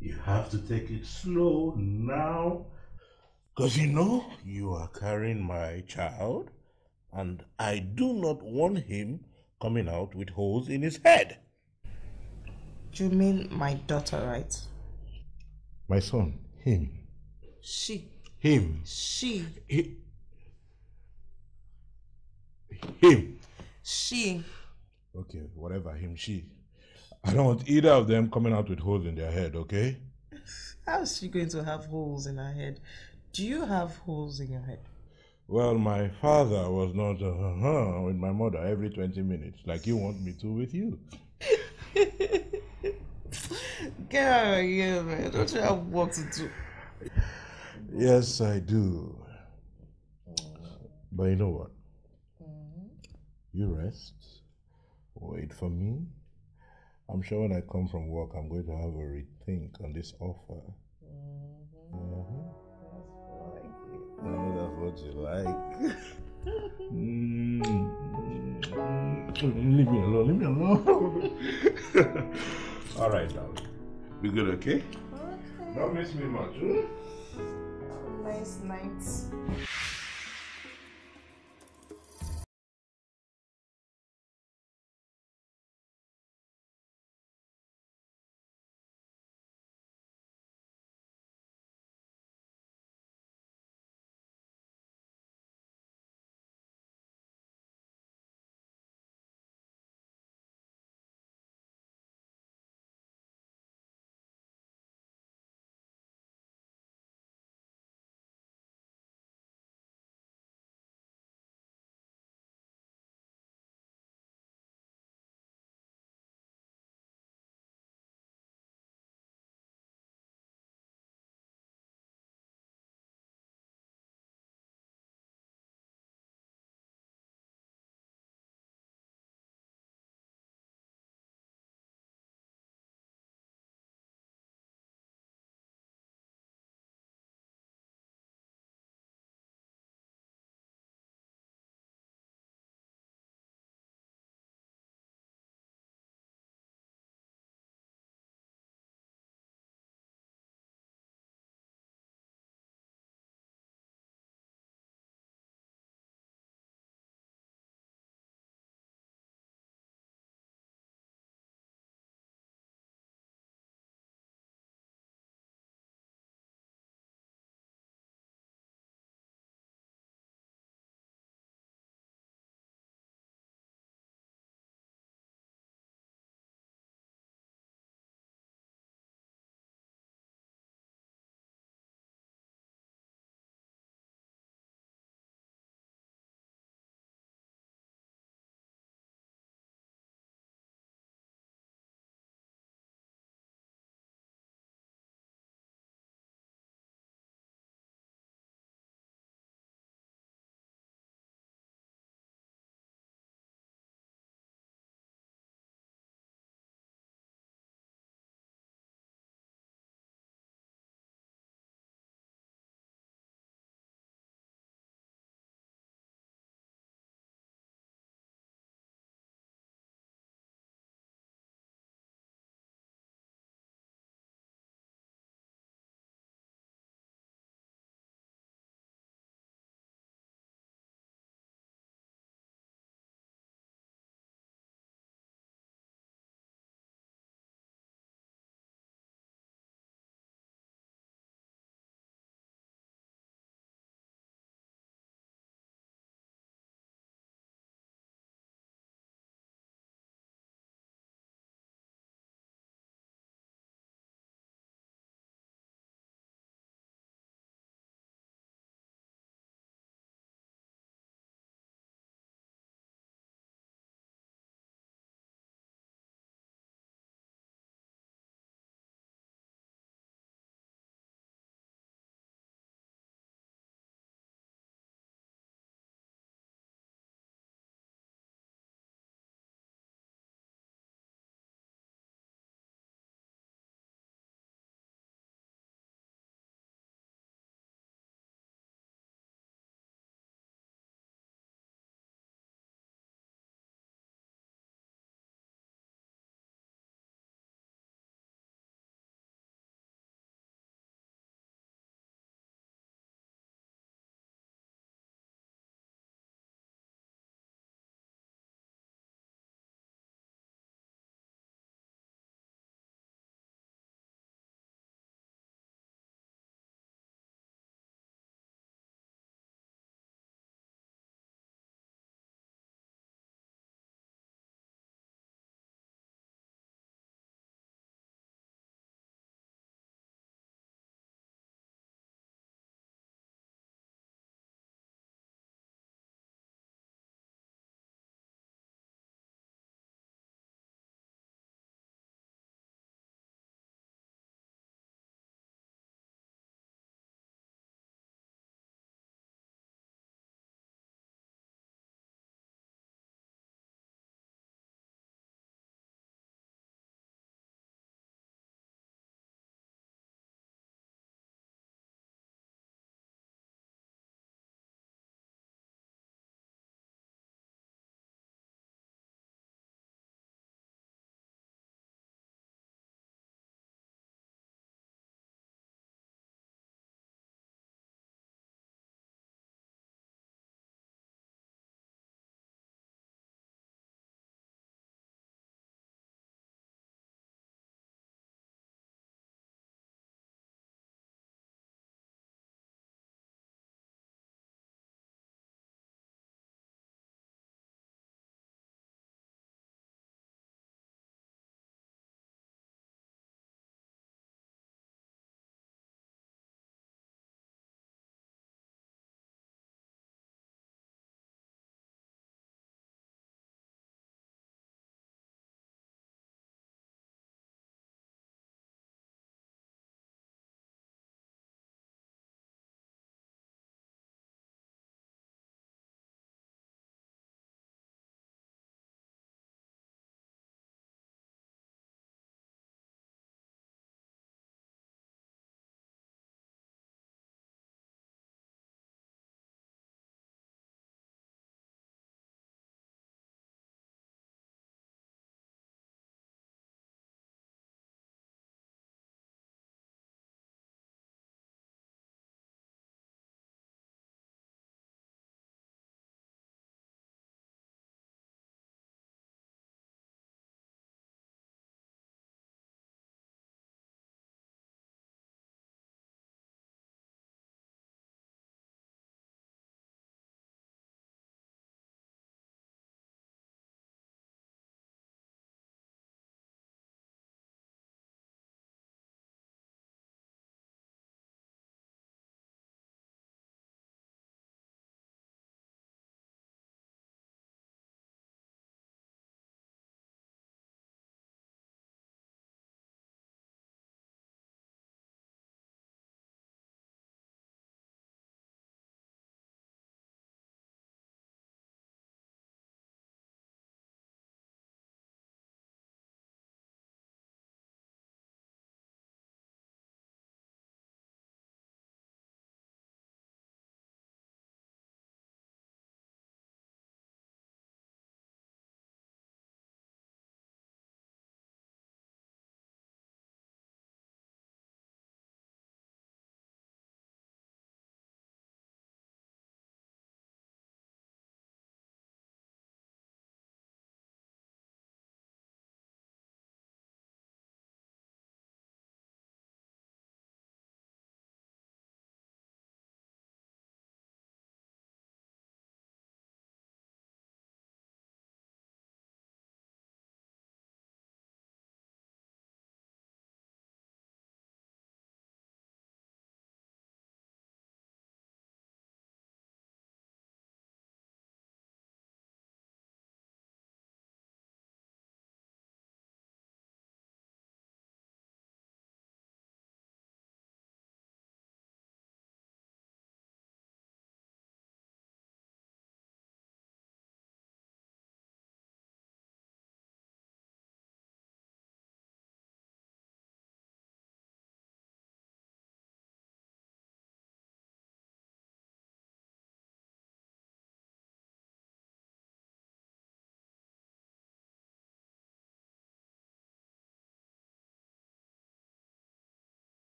You have to take it slow now. Because you know you are carrying my child, and I do not want him coming out with holes in his head. You mean my daughter, right? My son, him. She. Him. She. He, him. She. Okay, whatever, him, she. I don't want either of them coming out with holes in their head, okay? How is she going to have holes in her head? Do you have holes in your head? Well, my father was not uh, uh with my mother every 20 minutes, like you want me to with you. Get out of here, man. Don't you have work to do? Yes, I do. But you know what? Mm-hmm. You rest, wait for me, I'm sure when I come from work, I'm going to have a rethink on this offer. Mm-hmm. Mm-hmm. I know that's what you like. mm-hmm. Leave me alone, leave me alone. All right, darling. Be good, okay? Okay. Don't miss me much. Hmm? Nice night.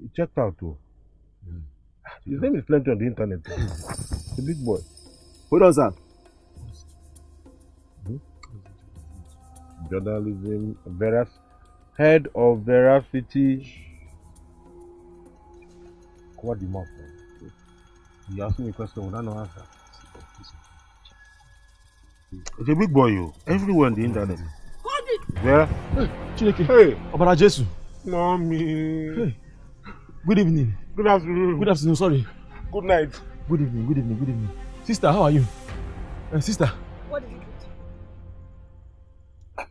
He checked out too. Oh. Mm. His name is plenty on the internet. The oh. big boy. Who on, that? Hmm? Journalism, Veras, head of Veracity. What the mouth. Man. You ask me a question, would I answer? It's a big boy, you. Oh. Everywhere on the internet. Hold it! Vera. Hey, Chineke. Hey. Ọbara Jesu. Mommy. Hey. Good evening. Good afternoon. Good afternoon, sorry. Good night. Good evening, good evening, good evening. Sister, how are you? Uh, sister. What did you do?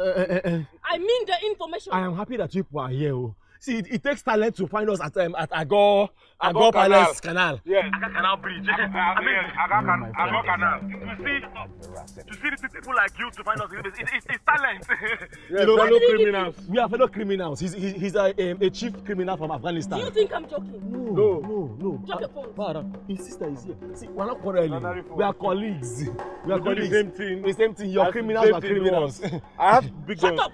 Uh, uh, uh, I mean the information. I am happy that you are here. Oh see it, it takes talent to find us at um, at Agor Agor, Palace Canal. Yes. Agor Canal Bridge. I mean Agor, can, Agor Canal. To see to see the people like you to find us, it, it, it's talent. yeah, you know, fellow criminals. We are fellow criminals. He's he's, he's a, um, a chief criminal from Afghanistan. Do you think I'm joking? No, no, no. no. Drop uh, your ah, phone. Para, his sister is here. See, we're not quarreling. We are colleagues. We are we colleagues. The same thing. The same thing. Your criminals are criminals. I have big Shut up.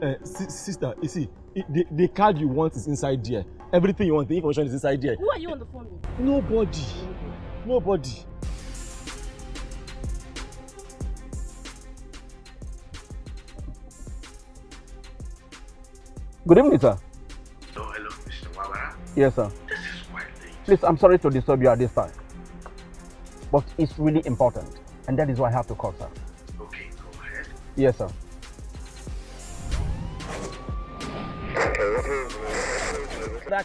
Uh, sister, you see, the, the card you want is inside there. Everything you want, the information is inside there. Who are you on the phone with? Nobody. Nobody. Good evening, sir. So, oh, hello, Mr. Wawara. Yes, sir. This is quite late. Please, I'm sorry to disturb you at this time. But it's really important, and that is why I have to call, sir. Okay, go ahead. Yes, sir.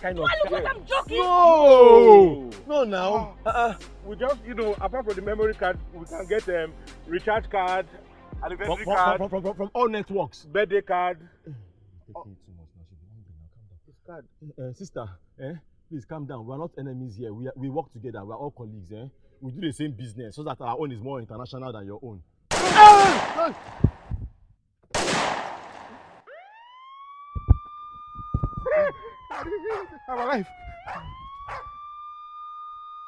kind of thing. Look, I'm joking. No, no, now. Uh, uh, we just, you know, apart from the memory card, we can get um, recharge card, anniversary from, card, from, from, from, from all networks, birthday card. Eh, oh. Card. Uh, sister, eh? please calm down. We are not enemies here. We, are, we work together. We are all colleagues. Eh? We do the same business so that our own is more international than your own. Ah! Ah! I'm alive.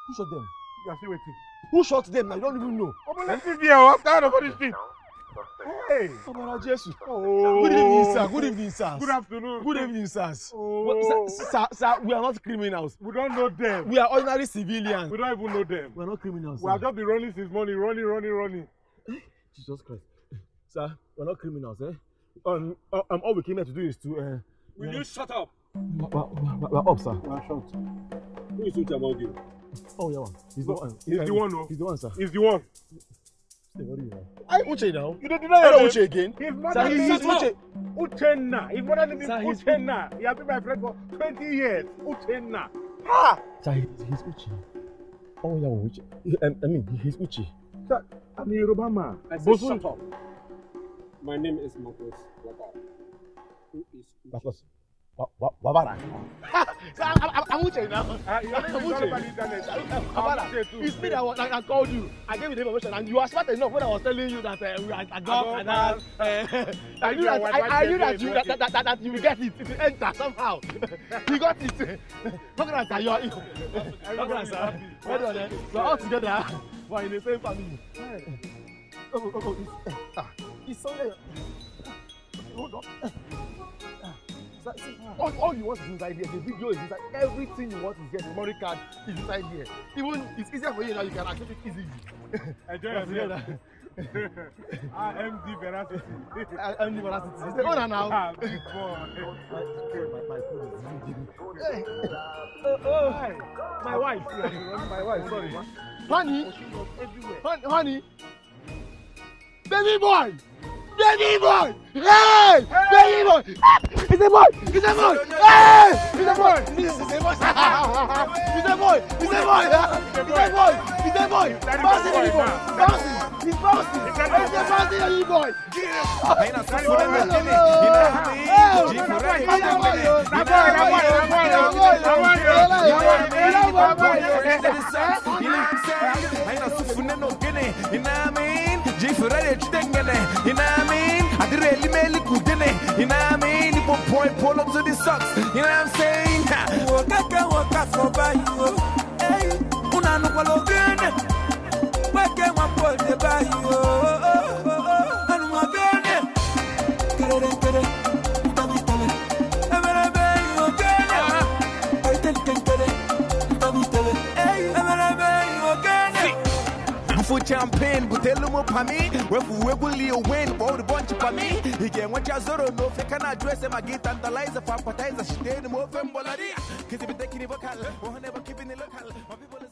Who shot them? You are still waiting. Who shot them? I don't even know. Omo let me be here. I'm tired of all this thing. Hey. Jesus. Jésù. Oh. Good evening sir. Good evening sir. Good afternoon. Good evening sir. Oh. Sir, sir, sir, we are not criminals. We don't know them. We are ordinary civilians. We don't even know them. We are not criminals. We sir. have just been running since morning, running, running, running. Eh? Jesus Christ. Sir, we are not criminals. Eh? Um, um, all we came here to do is to. Uh, Will yeah. you shut up? We're up, sir. We're short. Who is it about you? Oh, yeah, one. He's no, the one. He's the one, no. Oh. He's the one, sir. He's the one. Stay very well. I Uche now. You don't deny your name. Uche again. His mother sir, is Uche. Uchenna. His mother name is na. He has been my friend for 20 years. Uche na. Ha! Sir, he's Uche. Oh, yeah, Uche. I mean, he's Uche. Sir, I'm a Yoruba man. I said shut up. My name is Marcus Waka. Who is Uche? Marcus. Wabara. so I'm, I'm Uche now. Uh, you I'm Uche. Wabara. It's me that was, I, I called you. I gave you the information, and you are smart enough when I was telling you that uh, are a dog and that. Uh, I knew that I, I knew that you that, that, that, that you will get it. It will enter somehow. you got it. Look at that. You are. Look at that. Well done. We are all together. We are in the same family. Oh, oh, oh. It's, it's so. Hold on inside. See, all, all you want is inside here. The video is inside. Everything you want is here. The memory card is inside here. Even it's easier for you now. You can access it easily. Enjoy yourself. ah, MD veracity. Ah, MD veracity. It's the owner now. Ah, big boy. My food is vegan. Hey. My wife. My wife, sorry. Honey. Honey. Baby boy. Venimos! ¡Ey! ¡Venimos! ¡Is the boy! ¡Is the boy! ¡Ey! ¡Is the boy! ¡Is the boy! ¡Is the boy! ¡Is the boy! ¡Is the boy! ¡Bouncing anymore! ¡Bouncing! ¡He's bouncing! ¡Is the bouncing anymore! Vem na sua fora, meu time! E na frente! De por aí! Na bola! Na bola! Na bola! Na bola! Na bola! Na bola! Na bola! Different edge dengene. You know what I mean? I did really good, kudene. You know what I mean? You put point pull up to the socks. You know what I'm saying? Waka ka waka for by you. Hey, una no kwalo gene. Waka wa pole by you. Anu wa gene. Kere kere. for champion, but tell them up me. Refu regularly win, but the bunch of me. He can watch us or no, if I can address him, I get tantalizer for appetizer. She did him over and bolaria. Cause if you take any vocal, we'll never keep in the local.